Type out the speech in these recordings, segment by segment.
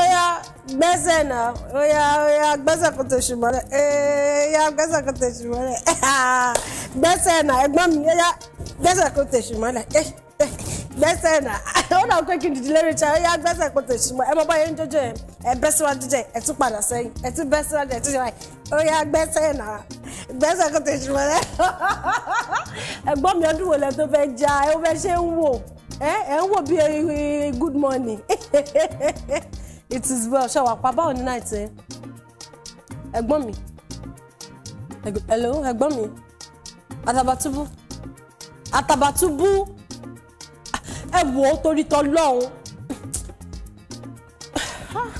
óyá gbẹ́sẹ̀ náà óyá óyá gbẹ́sẹ̀ kò tó ṣùgbọ́n rẹ̀ óyá eh, gbẹ́sẹ̀ kò tó ṣùgbọ́n rẹ̀ gbẹ́sẹ̀ náà ẹ̀gbọ́n mi óyá gbẹ́sẹ̀ kò tó ṣùgbọ́n rẹ̀ eh, eh, gbẹ́sẹ̀ náà ó náà pé kí n dìde lérí ìta óyá gbẹ́sẹ̀ kò tó ṣùgbọ́n ẹ mọ báyẹn ń jọjọ yẹn ẹ bẹ́ síwájú jẹ ẹ tún padà sẹ́yìn ẹ tún bẹ́ síwájú ẹ tún ṣe báyìí óyá gbẹ́sẹ̀ náà gbẹ́sẹ̀ kò tó ṣùgbọ́n rẹ̀ ẹ̀gbọ́n mi ọdún wo lẹ tó fẹ́ já ẹ ó fẹ́ ṣe ń wò ẹ ń wò bí good morning it is well ṣe wà pa báwo ni náà ti eh? ẹ̀gbọ́n mi hello ẹ̀gbọ́n mi Atabatubu Atabatubu ah, ẹ wò ó torí tọlọ́hún ah,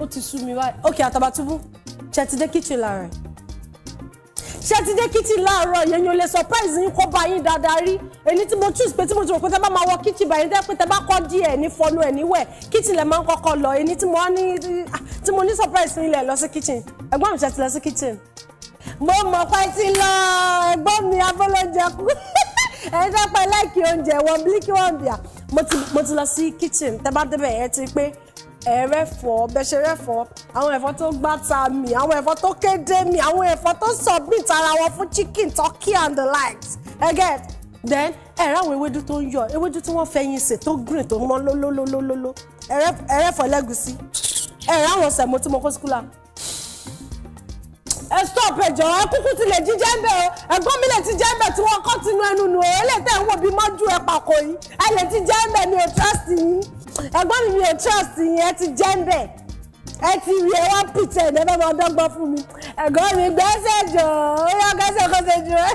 ó ti sú mi báyìí ok Atabatubu ṣe ti dé kitchen lára ẹ̀ ṣé ti dé kitchen láàárọ̀ yẹn yóò lè surprise yín kó bá yín dáadáa rí èyí tí mo choose pé tí mo ti rò pé tẹ bá máa wọ kitchen báyìí tẹ pé tẹ bá kọ́ díẹ̀ ní fọnú ẹ̀ níwẹ̀ kitchen lẹ̀ máa ń kọ́kọ́ lọ èyí tí mo ní tí mo ní surprise yín lẹ̀ lọ sí kitchen ẹ̀gbọ́n mi ṣe ti lọ sí kitchen. mo mọ̀ pé ti lọ ẹ̀gbọ́n mi abọ́lọ́jà kú ẹ̀yin tẹ́ pẹ́ láìkí oúnjẹ wọn bílíkì wọn bìà mo ti lọ sí kitchen tẹ bá débẹ̀ yẹn ti pé ẹ̀rẹ́fọ́ bẹ́sẹ̀rẹ́fọ́ àwọn ẹ̀fọ́ tó gbáta mi àwọn ẹ̀fọ́ tó kéde mi àwọn ẹ̀fọ́ tó submit ara wọn fún chicken turkey and the likes ẹ get then ẹ̀rẹ́ àwọn ewédú tó ń yọ ewédú tí wọ́n fẹ̀yìn sè tó green tó mọ́ lólólólóló ẹ̀rẹ́fọ́ ẹlẹ́gùsí ẹ̀rẹ́ àwọn sẹ̀mó tí mo kó síkúlà ẹ stop ẹjọ ẹ kúkú ti lè jíjẹ ń bẹ o ẹ̀gbọ́n mi lè ti jẹ ń bẹ tí wọn kọ tinú ẹnu nù o ẹ lè tẹ ń wo bí mọjú ẹ pàkó yìí ẹ lè ti jẹ ń bẹ ní o trust yìí ẹ̀gbọ́n mi mi trust yín ẹ ti jẹ́ ń bẹ̀ ẹ ti rí ẹ wá pìtẹ́ ẹ̀ dẹ́gbẹ́ máa dọ́gbọ́n fún mi ẹ̀gbọ́n mi gbẹ́sẹ̀ jọ ó yọ gbẹ́sẹ̀ kọ́sẹ̀ jù ẹ́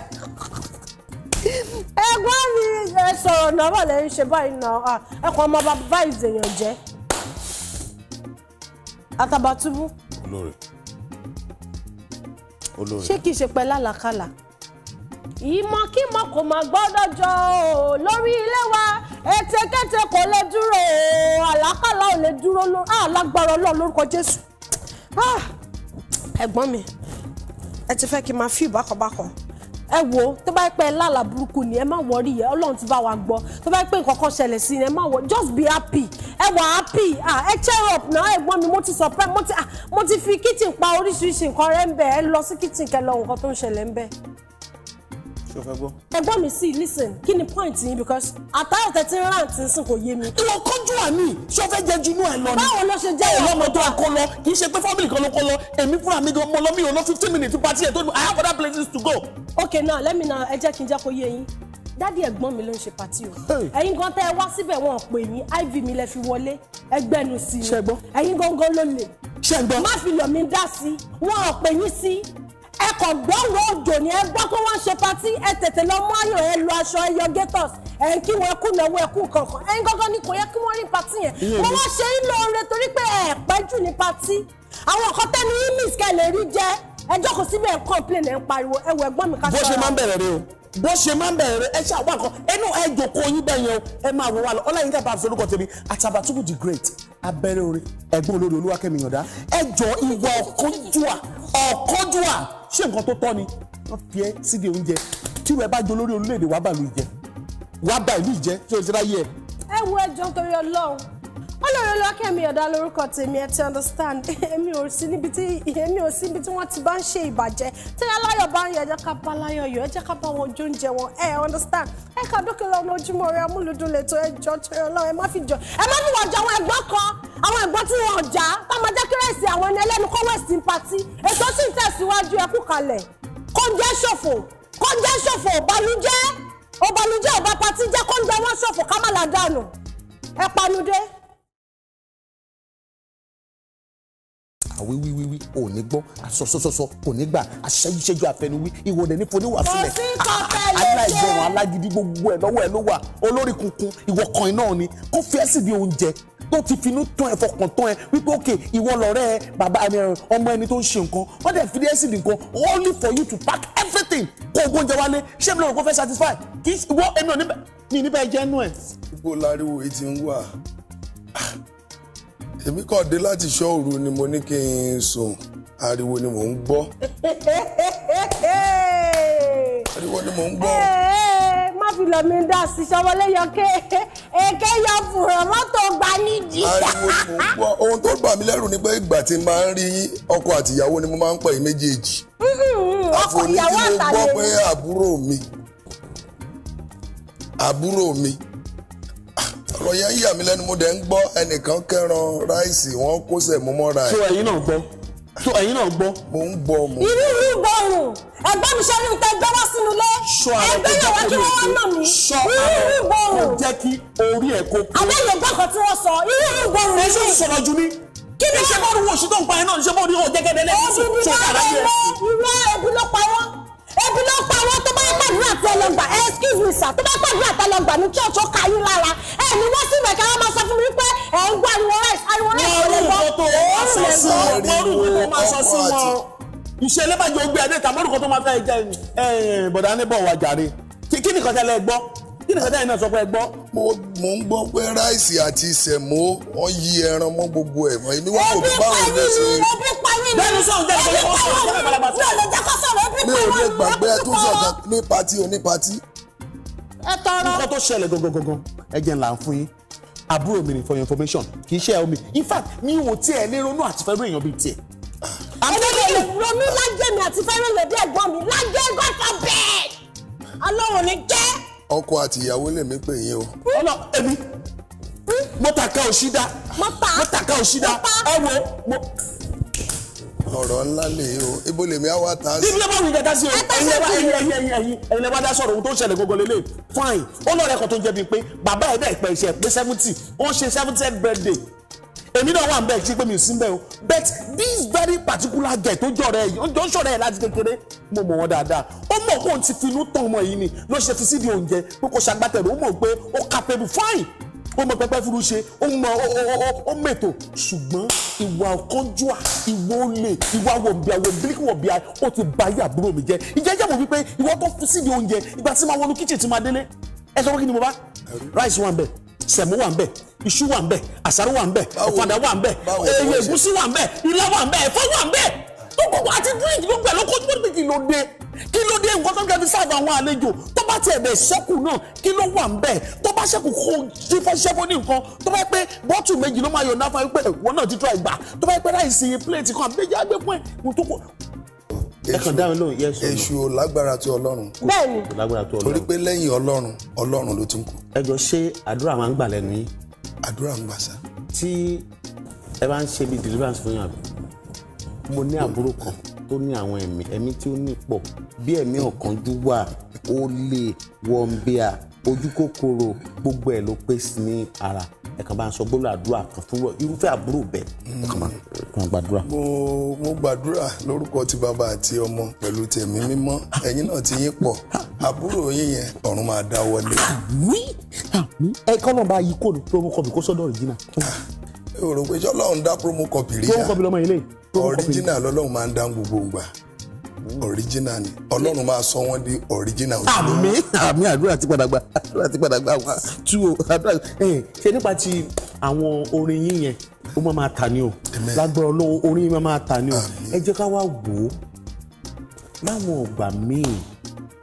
ẹ̀gbọ́n mi ẹ sọ̀rọ̀ náà wà lẹ́yìn ṣe báyìí náà ẹ kọ́ ọmọ bàbá ìzèèyàn jẹ́ Àtàbàtúbú. olórí olórí. ṣé kìí ṣe pẹ́ lálàkàlà. ìmọ̀ kí mọ̀ kò máa gbọ́dọ̀ jọ lórí ilé wa ẹ̀tẹ̀kẹ́tẹ̀ kò lè dúró o àlákàlà ò lè dúró alágbára ah, ọlọ́run lórúkọ jésù ah, ẹ̀gbọ́n mi ẹ ti fẹ́ kí n máa fi ìbákọ̀bákọ̀ ẹ wo tó bá pẹ́ lálà burúkú ni ẹ má wọrí yẹ ọlọ́run ti bá wa gbọ́ tó bá pẹ́ nǹkan kan ṣẹlẹ̀ sí ni ẹ má wọ just be happy ẹ wà happy ah, ẹ cheer up náà ẹ̀gbọ́n mi mo ti surprise mo ti fi kitchen pa oríṣiríṣi nǹkan rẹ̀ ń bẹ̀ ẹ lọ sí kitchen kẹ nǹkan tó ń ṣẹlẹ̀ ń bẹ̀ ṣé o fẹ́ gbọ́. mi sì listen kí ni point yín because àtàrà tẹ̀tí rántí ń sìn kò yé mi. ìwọ kọjú àmì ṣé o fẹ́ jẹ ju inú ẹ lọ ni. báwo ló ṣe jẹ́ ìyá ọmọ tó a kọ lọ kì í ṣe pé family kan ló kọ lọ èmi fúnra mi gan mo lọ mi ò lọ fifteen minutes party ẹ̀ tó I have other places to go. okay now let me now ẹ jẹ́ kí n jẹ́ kó yé yín dádì ẹ̀gbọ́n mi ló ń ṣe pàtí o ẹ̀yin gan tẹ́ ẹ wá síbẹ̀ wọn pè mí iv mi lẹ fi wọlé ẹgbẹ́nu sí i ẹ̀yin gangan ló lè má fi lọ̀ mí dá sí i wọn pè yín sí ẹ kàn gbọ́wọ́ òjò ni ẹ gbọ́ pé wọ́n ṣe patí ẹ tètè lọ mú ayò ẹ lo aṣọ ẹ yọ gators ẹ ń kí wọn ẹ kú náwó ẹ kú kankan ẹ ń gángan ní kò yẹ kí wọ́n rí patí yẹn mo wá ṣe ń lo oore torí pé ẹ pẹ́ jù ní patí àwọn ọ̀kan tẹ́nu imis kẹ́ lè rí jẹ́ ẹjọ́ kò síbẹ̀ ẹ̀ ń complain ń pariwo ẹ wọ ẹgbọ́n mi ká ṣọ́ra bó ṣe máa ń bẹ̀rẹ̀ rẹ o bó ṣe máa ń bẹ̀rẹ̀ ẹ ṣáà wà kan ẹnu ẹ jòkó yín bẹ́ẹ̀ yẹn o ẹ máa wọ wa lọ ọláyínká bá fi orúkọ tèmi Àtàbàtúbù the great abẹ́rẹ́ orin ẹ̀gbọ́n olórí Olúwakẹ́mi Ìyàndá ẹ jọ ìwà ọ̀kánjúà ọ̀kánjúà ṣé nǹkan tó tọ́ ni wọ́n fi ẹ́ síbi oúnjẹ tí wọ́n bá jẹ olórí orílẹ̀-èdè wàá bà ìlú ìjẹ́ wàá bà ìlú ìjẹ́ tí o ti ráyè ẹ̀. ẹ wo ẹjọ́ nítorí Ọlọ́run Ọlọ́run Olúwakẹ́mi Ọ̀dà lórúkọ tèmi ẹ ti understand èmi ò sí níbi tí èmi ò sí níbi tí wọ́n ti bá ń ṣe ìbàjẹ́ tí aláyọ̀ bá ń yọ ẹ jẹ́ ká bá aláyọ̀ yọ ẹ ká bá wọn jó ń wọn ẹ understand ẹ ká dókè lọ́nà ojúmọ́ rẹ amúlùdún lẹ́tọ́ ẹ jọ torí Ọlọ́run ẹ má fi jọ ẹ má fi wà jọ àwọn ẹ̀gbọ́n kan àwọn ẹ̀gbọ́n tí wọn jà táwọn jẹ́kírẹ́sì àwọn ẹni ẹlẹ́nu kọ́wẹ́sì pati ètò sì ń tẹ̀síwájú ẹkú kalẹ̀ kóúnjẹ ṣòfò kóúnjẹ ṣòfò ọ̀bàlújẹ́ ọ̀bàlújẹ́ ọ̀bà pati jẹ́ kóúnjẹ wọn ṣòfò ká má la dànù ẹ panudé. àwí wí wí wí ò ní gbọ́ àsọsọsọsọ kò ní gbà àṣẹjúṣẹjú àfẹnuwí ìwọ dẹ̀ ní foníwà sílẹ̀ ah, aláìgbọràn alágídí gbogbo ẹ̀ lọ́wọ́ ẹ̀ ló wà olórí kunkun ìwọ kan iná ni kó fi ẹ́ sì bí oúnjẹ tó ti finú tán ẹ fọkàn tán ẹ wípé òkè ìwọ lọ̀rẹ́ ẹ bàbá ẹ ọmọ ẹni tó ń ṣe nǹkan wọ́n dẹ̀ fi ẹ́sì nìkan only for you to pack everything kó ogún oúnjẹ wálé ṣé mi lọ́rùn kó fẹ́ satisfy kì í wọ́n èmi ò ní níbẹ̀ jẹ́ nú ẹ̀. gbogbo láriwo etí ń wà èmi kàn dé láti ṣọ́ òru ni mo ní kí n sùn ariwo ni mò ń gbọ́ ariwo ni mò ń gbọ́. má fi lọ mi dá sí ṣọwọlé yọkẹ́ èké yọ fùrọ̀ mọ́tò gba nídìí. ariwo mò ń gbọ́ ohun tó bà mí lẹ́rù ni pé ìgbà tí n máa ń rí ọkọ àtìyàwó ni mo máa ń pè é méjèèjì. Mm-hmm. ọkọ ìyàwó àtàlẹ́ mi. àfòní gbọ́ pé àbúrò mi àbúrò mi ọ̀rọ̀ yẹn ń yà mí lẹ́nu mo dẹ̀ ń gbọ́ ẹnìkan kẹran ráìsì wọn kó sẹ̀ mọ́mọ́ra ẹ̀. sọ ẹ̀yin náà gbọ́ so ẹ̀yin náà gbọ́. mo ń gbọ́ mo. irú irú gbọ́rùn ẹgbẹ́ mi ṣe ní ìta ẹgbẹ́ wá sínú ilé ẹgbẹ́ yẹn wá kí wọ́n wá nà mí irú irú gbọ́rùn. kò jẹ́ kí orí ẹ̀ kó kú. abẹ́yẹ gbọ́kàn tí wọ́n sọ irú irú gbọ́rùn mi. ẹ sọ̀rọ̀ jù mí kí ni ṣe bọ́ọ̀rù wọ̀ṣù tó ń pa ẹ náà ṣe bọ́ọ̀rù yóò jẹ́gẹ́dẹ́ lẹ́yìn tó ń máa sọ sí wọn iṣẹ́ lẹ́bàjẹ́ ogbé adé tàbí orúkọ tó máa fẹ́ jẹ́ ẹ̀yìn bọ̀dá níbọ̀ wà jàre kí ni kọ́tẹ́ lẹ gbọ́ kí ni kọ́tẹ́ yìí náà sọ pé ẹ gbọ́. mo ń gbọ́ pé ráìsì àti sẹ̀mó wọ́n yí ẹran mọ́ gbogbo ẹ̀ mọ́ èmi wọ́n kò bí báwọn lè ṣe. ẹbí mi ò lè gbàgbé ẹ tó sọ̀tàn ní patí oní patí. ẹ tọrọ. nǹkan tó ṣẹlẹ̀ gangan ẹ̀jẹ̀ àbúrò mi ni for your information kì í ṣe omi in fact mi ò tiẹ̀ lè ronú àti fẹ́ rí èèyàn bíi tiẹ̀ àbúrò ronú lájẹ mi àti fẹ́ràn lòdì ẹ̀gbọ́n mi lájẹ gọ́fà bẹ́ẹ̀ ọlọ́run ní jẹ́. ọkọ àti ìyàwó lèmi pè yín o. Hmm? ọlọ èmi hmm? mọtàkà òṣìdá mọtàkà òṣìdá ẹ wo mo ọ̀rọ̀ ńlá lè o ibo lèmi á wá ta sí. bíbélì bá wù ú dá sí o ẹ̀yin lẹ́wà ẹ̀yin ẹ̀yin ẹ̀yin ẹ̀yin ẹ̀yin lẹ́wà dá sọ̀rọ̀ ohun tó ń ṣẹlẹ̀ gbogbo lélẹ̀ fine ó lọ́ọ̀rẹ́ kan tó ń jẹ́ bíi pé bàbá ẹ̀ dẹ̀ pẹ́ iṣẹ́ pé seventy ó ń ṣe th birthday èmi náà wà nbẹ ṣe pé mi ò sí nbẹ o but this very particular guy tó jọrọ ẹ yìí jọ sọ̀rọ̀ ẹ láti kékeré mo mọ̀ wọ́n dáadáa ó mọ̀ kó n ti finú tán ọmọ yìí ni ló ṣe fi sídìí oúnjẹ pé kò ṣàgbátẹrù ó mọ̀ pé ó capable fine ó mọ̀ pẹpẹ furu ṣe ó mọ̀ ó mètò ṣùgbọ́n ìwà ọ̀kánjúà ìwà olè ìwà wọ̀nbíà wọ̀nbílíkì wọ̀nbíà ó ti ba ayé àbúrò mi jẹ́ ìjẹ́jẹ́ mọ̀ wípé ìwọ tó fi sídìí oúnjẹ ìgbà tí máa wọnú kíchìn tí máa délé ẹ sọ pé kí ni mo bá rice one bẹ́ẹ̀ sẹ̀mú wà ń bẹ̀ iṣu wà ń bẹ̀ àsáró wà ń bẹ̀ ọ̀fadà wà ń bẹ̀ èyí ègúsí wà ń bẹ̀ ilá wà ń bẹ̀ ẹ̀fọ́ wà ń bẹ̀ tó gbogbo àti drink gbogbo ẹ̀ ló kó tó kí ló dé kí ló dé nǹkan tó ń kẹ́bi sáàbù àwọn àlejò tó bá tiẹ̀ bẹ̀ sẹ́kù náà kí ló wà tó bá sẹ́kù kó ṣẹ́fọ́ ní nǹkan tó bá pẹ́ bọ́tù méjì ló máa yọ̀ náà fún ẹ náà ti tọ́ ẹ̀ gbà tó bá pẹ́ láì sí pléètì kan àbí méjì á gbé fún ẹ̀ èṣù èṣù ò lágbára tó ọlọ́run bẹ́ẹ̀ni torí pé lẹ́yìn ọlọ́run ọlọ́run ló tún kù. ẹ jọ ṣé àdúrà máa ń gbà lẹ́nu yín. àdúrà ń gbà sá. tí ẹ bá ń ṣe bí deliverance fún yàrá mo ní àbúrò kan tó ní àwọn ẹ̀mí ẹ̀mí tí ó nípò bí ẹ̀mí ọ̀kánjúwà olè wọ̀nbíà ojú kòkòrò gbogbo ẹ̀ ló pè sí ní ara ẹ̀kan bá ń sọ gbólóhùn àdúrà kan fún irúfẹ́ àbúrò bẹ́ẹ̀ ẹ̀kan bá ń gbàdúrà. mo mo gbàdúrà lórúkọ ti bàbá àti ọmọ pẹ̀lú tẹ̀mí mímọ́ ẹ̀yin náà ti yín pọ̀ àbúrò yín yẹn ọ̀run máa dáwọ́ lé. ẹ̀kan náà bá yí kóòdù tó ń kọ́ mi kó sọ́dọ̀ ọ̀rìjìnà o rò pé ṣọlọ́run dá promo copy rí ya original lọ́lọ́run máa ń dá gbogbo ìgbà original ni ọlọ́run máa sọ wọ́n di original. àmì àmì àdúrà ti padà gba àdúrà ti padà gba wá tú o àdúrà ṣe nípa ti àwọn orin yín yẹn ó máa máa tà ní o lágbára ọlọ́run orin yín máa máa tà ní o ẹ jẹ́ ká wá wò ó láwọn ọgbà míì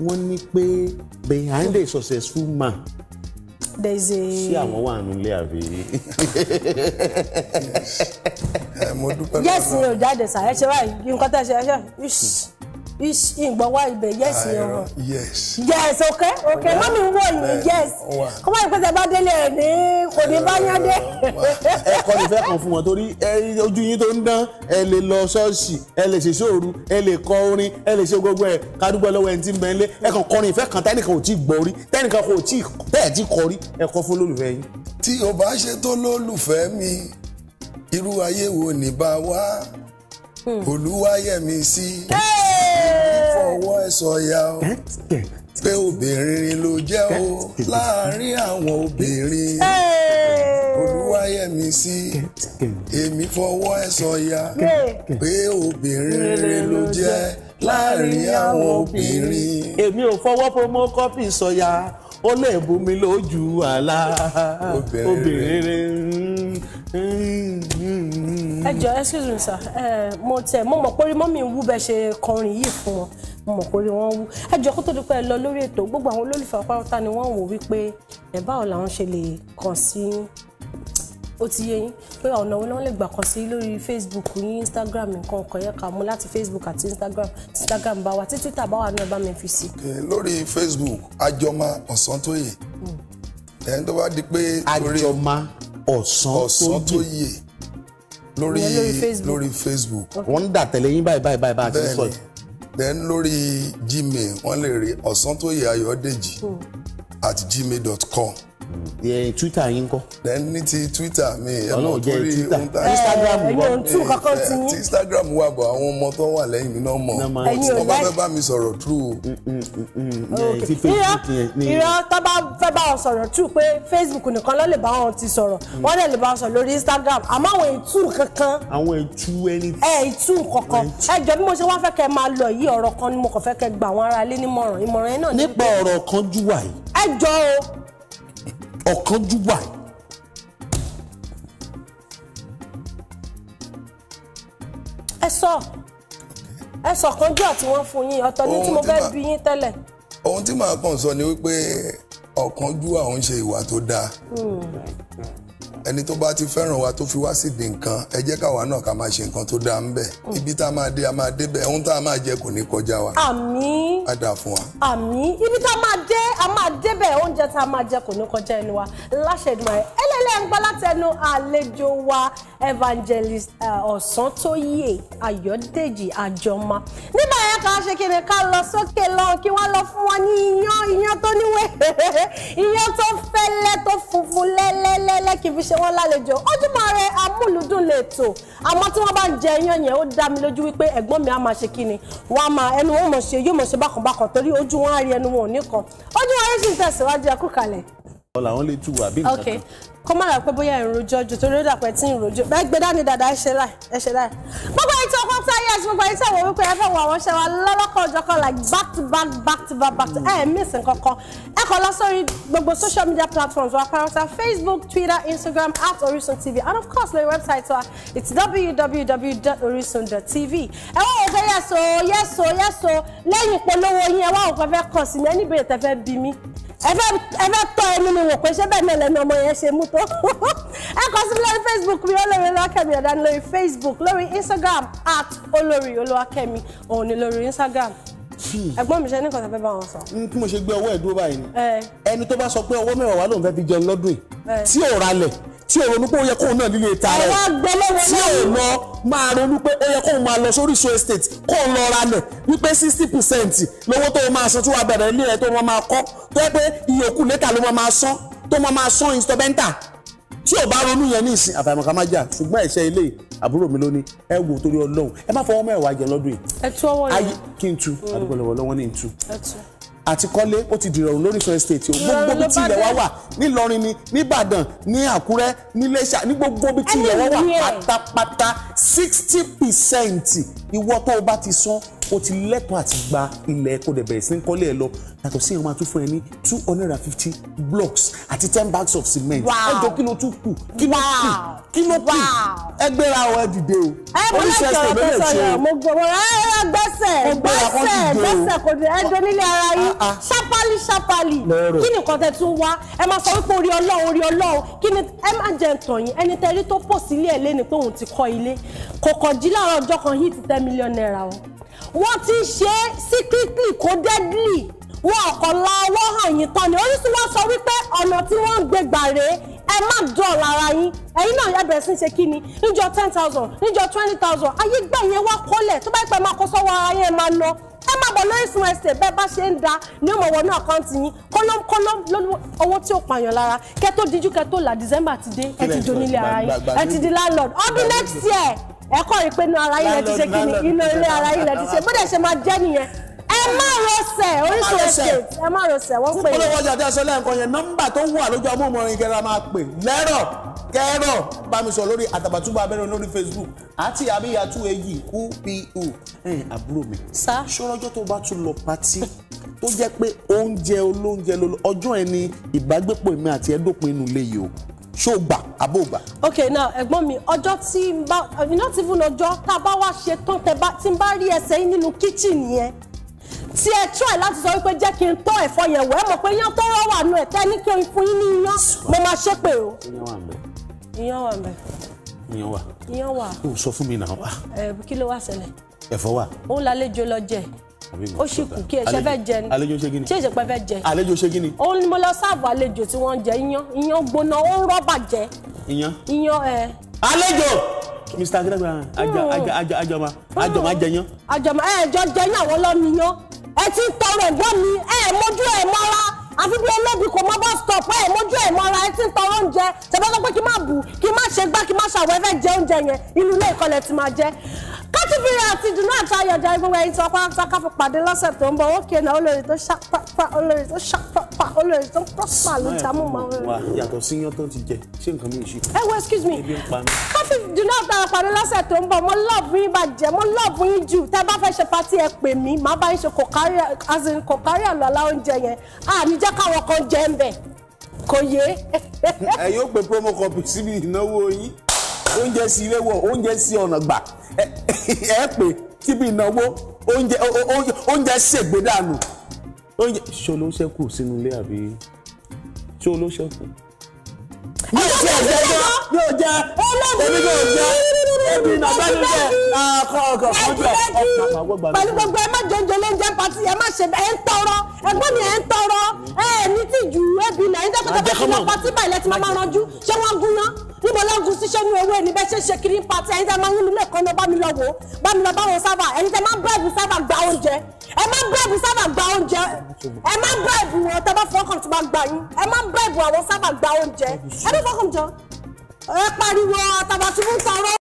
wọ́n ní pé behind a successful man there is a. ṣé àwọn wà nínú ilé àbí. ẹ mi ò jáde sàrẹ́ ṣe báyìí nǹkan tẹ́ ṣe ẹ ṣe ìgbọ̀nwá ibẹ̀ yes ah, yẹn yes yes ok ok mọ́mí ń wò yín yes kọ́ báyìí pé tẹ bá délé ẹ̀ ní kò ní bá yán dé. Eh, ẹ̀kọ́ ni fẹ́ kàn fún wọn torí ojú yín tó ń dán ẹ lè lọ ṣọ́ọ̀ṣì ẹ lè ṣèṣe òru ẹ lè kọ orin ẹ lè ṣe gbogbo ẹ kádúgbò lọ́wọ́ ẹni tí ń bẹ ń lé ẹ kàn kọrin ìfẹ́ kan tẹ́nìkan ò tí gbọ́ rí tẹ́nìkan kò tí tẹ́ẹ̀ tí kọ rí ẹ kọ fún olólùfẹ́ yín. tí o bá ṣe tó lólùfẹ́ mi irú ayé wo ní bá wá hmm. olúwayẹmí sí. Hey! fọwọ́ ẹ sọ̀yà o pé obìnrin ló jẹ́ o láàárín àwọn obìnrin olúwayẹmí sí èmi fọwọ́ ẹ sọ̀yà pé obìnrin ló jẹ́ láàárín àwọn obìnrin. èmi ò fọwọ́ fọmọ kọ́fì sọ̀yà ó lè bù mí lójú àlá obìnrin ẹ jọ excuse me sir mo tẹ mo mọ̀ pé orí mọ́mì ń wú bẹ́ẹ̀ ṣe kọrin yìí fún wọn mo mọ̀ pé orí wọn wú ẹ jọ kó tó di pé ẹ lọ lórí ètò gbogbo àwọn olólùfẹ́ apáráta ni wọ́n wò wípé ẹ báwo làwọn ṣe lè kàn sí ó ti yé yín pé ọ̀nà wo náà lè gbà kàn sí lórí facebook yín instagram nǹkan ọ̀kan yẹn kà mú láti facebook àti instagram instagram bá wa tí twitter bá wà náà bá mi fi sí. lórí facebook ajọma ọ̀sántóyè hmm. ẹni tó bá di pé. ajọma ọ̀sán tó yè lórí lórí Facebook. wọ́n ń dà tẹ̀lé yín báyìí báyìí báyìí bá a then lórí Gmail wọ́n lè rí ọ̀sán tó yè Ayọ̀dèjì hmm. at gmail dot com twitter yín kọ́. then ní ti twitter mi ẹ mọ̀ torí ohun tá a instagram wà bọ̀ instagram wà bọ̀ àwọn ọmọ tó wà lẹ́yìn mi náà mọ̀ wọ́n bá fẹ́ bá mi sọ̀rọ̀ true. ìrọ̀ mm, mm, mm, tó bá fẹ́ bá wọn sọ̀rọ̀ true pé facebook nìkan ló lè bá wọn ti sọ̀rọ̀ wọ́n dẹ̀ lè bá wọn sọ̀rọ̀ lórí instagram àmọ́ àwọn ìtú kankan. àwọn ìtú ẹni. ẹ ìtú kankan ẹ jọ bí mo ṣe wá fẹ́ kẹ́ máa lọ yìí ọ̀rọ̀ kan ni mo kàn fẹ́ kẹ́ gbà àwọn aráalé nímọ̀ràn ìmọ̀ràn yẹn náà. nípa ọ̀rọ̀ kan jù wà yìí. ẹ jọ o ọ̀kánjúwà ẹ sọ ẹ sọ ọ̀kánjúwà tí wọ́n fún yín ọ̀tọ̀ ní tí mo fẹ́ bi yín tẹ́lẹ̀. ohun tí màá kàn sọ ni wípé ọ̀kánjúwà ń ṣe ìwà tó dáa hmm. ẹni tó bá ti fẹ́ràn wa tó fi wá sí di nǹkan ẹ jẹ́ káwa náà ká máa ṣe nǹkan tó dáa ń bẹ̀ hmm. ibi tá a máa dé a máa débẹ̀ ohun tá a máa jẹ kò ní kọjá wa. àmín á dáa fún wa. àmì ibi tá a máa dé a máa débẹ̀ oúnjẹ tá a máa jẹ kò ní kọjá ẹnu wa láṣẹ ìdúmọ̀ ẹ ilé ń gbọ́ látẹnu àlejò wa evangelist eh, ọ̀sántóyè ayọ̀dèjì àjọmọ nígbà yẹn ká ṣe kí ni ká lọ sókè lọ kí wọ́n lọ fún wa ní iyán iyán tó níwèé iyán tó fẹ́lẹ́ tó funfun lẹ́lẹ́lẹ́lẹ́ kì í fi ṣe wọ́n lálejò ojúmọ́ rẹ amúlùdùn lè tò àmọ́ tí wọ́n bá ń jẹ iyán yẹn ó dá mi lójú wípé ẹ̀gbọ́n mi á máa ṣe kí ni wọ́n á máa ẹnu wọn mọ̀ ṣe yóò mọ̀ ṣe bákanbákan torí ojú wọn á rí ẹnu wọn ò ní kan ojú wọn á rí sì ń ẹkú kalẹ̀ ọ̀la wọn lè tù wá bí nǹkan kan. kọ́ má dàpẹ́ bóyá ìròjọ́ ju torí ó dàpẹ́ tí ìròjọ́ bẹ́ẹ̀ gbé dání dada ẹ ṣe láì ẹ ṣe láì. gbogbo ètò ọkọ tí ayé àti gbogbo ètò ìwọ wípé ẹ fẹ́ wọ àwọn ṣẹ́ wa lọ́lọ́kọ̀ ọjọ́ kan like back to back back to back back to ẹ miss nǹkan kan. ẹ kàn lọ sórí gbogbo social media platforms wa pàrọ̀tà Facebook Twitter Instagram at Orisun TV and of course lórí website wa it's www.orisun.tv. ẹ wá òkè yẹ̀sọ̀ yẹ̀sọ̀ yẹ̀sọ̀ lẹ́yìn ìpolówó yín ẹ wá òkè fẹ́ kàn sí mi ẹni bèrè tẹ fẹ́ bí mi ẹ fẹ́ tọ́ ẹnu mi wò pé ṣé bẹ́ẹ̀ náà lẹ́nu ọmọ yẹn ṣe mú tó ẹ kọ sí mi lórí facebook mi olórí olúwakẹ́mi ọ̀dà ni lórí facebook lórí instagram at olórí olúwakẹ́mi òun ni lórí instagram hmm. ẹ̀gbọ́n mi ṣe ní kọtà fẹ́ bá wọn sọ. bí hmm, mo ṣe gbé ọwọ́ ẹ̀ dúró báyìí ni ẹni tó bá sọ pé ọwọ́ mẹ́wàá lòun fẹ́ fi jẹun lọ́dún yìí tí ò ralẹ̀ tí ò ronú pé ó yẹ kóun náà líle ta rẹ̀ tí ò ná máa ronú pé ó yẹ kó máa lọ sórí so estate kó lọ ra lẹ̀ wípé sixty percent lówó tó máa san tó wà bẹ̀rẹ̀ ilé rẹ̀ tó máa máa kọ́ tó yẹ pé ìyókù lẹ́tà ló máa máa san tó máa máa san instrumental tí ò bá ronú yẹn ní ìsìn àfàìmọ̀ká má jà ṣùgbọ́n ẹ̀ṣẹ̀ ilé àbúrò mi lónìí ẹ wò torí ọlọ́run ẹ má fọwọ́ mẹ́wàá jẹ lọ́dún yìí. ẹ tú ọwọ́ yẹn. ayé kí n tu àdúgbò mm. lọ́wọ́ ní n tu. ẹ tu àti kọ́lé ó ti dìrọ̀rùn lórí Ọ̀ṣun estate o gbogbo bí tilẹ̀ wá wà nílọrin ni níbàdàn ní àkúrẹ́ níléṣà ní gbogbo bí tilẹ̀ wá wà pátápátá sixty percent ìwọ tó o bá ti san o ti lẹ́tọ̀ọ́ àti gba ilẹ̀ kó dẹ̀ bẹ̀rẹ̀ sí ń kọ́lé ẹ lọ yàtọ̀ sí ìyẹn máa tún fún ẹ ní two hundred and fifty blocks àti ten bags of cement ẹ jọ kí ló tún kù kí ló kù kí ló kù ẹ gbéra ọ o oríṣi ẹsẹ̀ mẹ́lẹ̀ ṣe o mo gbọ́ ẹ gbẹ́sẹ̀ gbẹ́sẹ̀ gbẹ́sẹ̀ kò dé ẹ donílé ara yín ah, ah, ah. ṣápálí ṣápálí kí nìkan tẹ tún wá ẹ máa sọ wípé orí ọlọ́run orí ọlọ́run kí ni ẹ má jẹ ntàn yín ẹni tẹ́rí tó pọ̀ sílé ẹ̀ lé ni pé òun ti kọ́ ilé kò kàn jí láàárọ̀ ọjọ́ kan hit ten million naira o wọ́n ti ṣe é secretly kó deadly wọn ọ̀kan la ọwọ́ hàn yín tán ni Orísun wá sọ wípé ọ̀nà tí wọ́n ń gbé gbà rèé ẹ má dọ̀ lára yín ẹ̀yin náà yẹ bẹ̀rẹ̀ sí ṣe kí ni níjọ ten thousand níjọ twenty thousand ayé gbà yẹn wá kọ́lẹ̀ tó bá yẹ pé ẹ máa kó sọ́wọ́ ara yẹn máa ná ẹ má bọ̀ lórí sun ẹsẹ̀ bẹ́ẹ̀ bá ṣe ń da ní ọmọ wọnú àkáǹtì yín kọ́lọ́kọ́lọ́ lórí owó tí ó pààyàn lára kẹ́ tó díjú kẹ́ tó là December ti dé ẹ ti do nílé ara yín ẹ ti di landlord ọdún next year ẹ kọ́ rí pé inú ara yín lẹ ti ṣe kí ni inú ilé ara yín lẹ ti ṣe bó dẹ̀ ṣe máa jẹ́ nìyẹn má rọsẹ̀ Orísun estate ẹ má rọsẹ̀ wọ́n pè é. fún polówó ọjà tí a sọ lẹ́ẹ̀kan yẹn nọ́mbà tó wà lójú amóhùnmọ́rin kẹra máa pè lẹ́rọ̀ kẹ́rọ̀ bá mi sọ lórí Àtàbàtúbú abẹ́rẹ́ lórí Facebook àti abiyatu eyi qpo àbúrò mi. sá ṣọlọ́jọ́ tó bá tún lọ patí tó jẹ́ pé oúnjẹ olóúnjẹ ọjọ́ ẹni ìbágbépọ̀ mi àti ẹ̀dópin inú ilé yìí o ṣó gbà àbó gbà. ok now ẹ̀gbọ́n mi ọjọ́ tí n bá not even ọjọ́ tá a bá wá ṣe tán tí n bá rí ẹsẹ̀ yín nínú kíchìnì yẹn tí ẹ try láti sọ wípé jẹ́ kí n tọ́ ẹ̀fọ́ yẹn wò mọ̀ pé iyán tó rọ́ wà nù ẹ̀ tẹ́ ní kí n fún yín ní iyán mo máa ṣépè o. iyán wà ń iyán wà ń iyán wà. iyán wà. o sọ fún mi náà ah. ẹ kí ló wá ṣẹlẹ̀. ẹ̀fọ́ wà. òun lálejò lọ jẹ ó sì kù kí ẹsẹ fẹ́ jẹ ni àlejò ṣe gini tí pẹ fẹ́ jẹ àlejò ṣe gini. òun ni mo lọ sáàbù àlejò tí wọ́n jẹ iyán iyán gbóná ó ń rọ́bà jẹ. iyán iyán ẹ. àlejò mr akérègbè hmm. ajá ajá ajá ajọmọ ajọmọ ajẹyán. ajọmọ ẹ jọ jẹyán àwọn ẹ ti ń tọrọ ẹ̀gbọ́n mi ẹ mójú ẹ mọ́ra àfi bí ẹlẹ́bi kò mọ bus stop ẹ mójú ẹ mọ́ra ẹ ti ń tọrọ oúnjẹ tẹ̀fẹ́ sọ pé kí n má bù kí n má ṣe gbá kí n má ṣàwọ̀ ẹ fẹ́ jẹ oúnjẹ yẹn inú ilé ìkọlẹ̀ ti máa jẹ kátìfìrì àti ìdùnnú àti ayọ̀jà ìgbìmọ̀ ẹ̀yìn tí wọ́n pa ṣáká fi pàdé lọ́sẹ̀ tó ń bọ̀ ó kéèna olórí tó ṣàpàpà olórí tó ṣàpàpà pa olórí tó pa pa ló ta mú ma. wà yàtọ̀ sí yán tó ti jẹ ṣé nǹkan mi ì ṣe. ẹ wo excuse me kọfí dùnà tara pàdé lọ́sẹ̀ tó ń bọ̀ mo lọ́ọ̀bù yín bá jẹ́ mo lọ́ọ̀bù yín jù tẹ́ bá fẹ́ ṣe patí ẹ pè mí màá bá yín ṣe kò kárí àlọ́ aláwọ̀njẹ yẹn àníjẹ́ káwọn kan jẹ́ ń bẹ̀ kò yé. ẹ yóò pe promo copy síbi ìnáwó yín oúnjẹ sí ilé wọ oúnjẹ sí ọ̀nà gbà ẹ pè síbi ìnáwó oúnjẹ ṣègbè dànù oúnjẹ ṣé olówó ṣẹ́kù sínú ilé àbí ṣé olówó ṣẹ́kù. mi ò jẹ ẹgbẹ́ yọ mi ò jẹ ẹbí mi ò jẹ ẹbí mi àbẹ́nu jẹ ọkọ ọkọ ọjọ ọkọ pẹ̀lú gbogbo ẹ má jẹunjẹ lóúnjẹ pàtì ẹ má ṣe ẹ ń tọrọ ẹ̀gbọ́n mi ẹ ń tọrọ ẹ ní tìjú ẹbí lẹ ń jẹ pé tẹ bá báyìí lẹ ti máa ranjú ṣé wọn gúnyán níbo lọ́gùn ṣiṣẹ́ ní ewé ni bẹ́ẹ̀ ṣe ṣe kiri ń patí ẹ̀yin tẹ́ máa ń yín mi lẹ́kọ̀ọ́ bá mi lọ wò ó bá mi lọ bá wọn sábà ẹ̀yin tẹ́ máa ń bẹ́ẹ̀bù sábà gba oúnjẹ ẹ máa ń bẹ́ẹ̀bù sábà gba oúnjẹ ẹ máa ń bẹ́ẹ̀bù wọn tẹ́ bá fọ́kàn tó bá gbà yín ẹ máa ń bẹ́ẹ̀bù àwọn sábà gba oúnjẹ ẹ bí fọ́kàn jọ ẹ pariwo àtàbàtúbù ń tarọ́.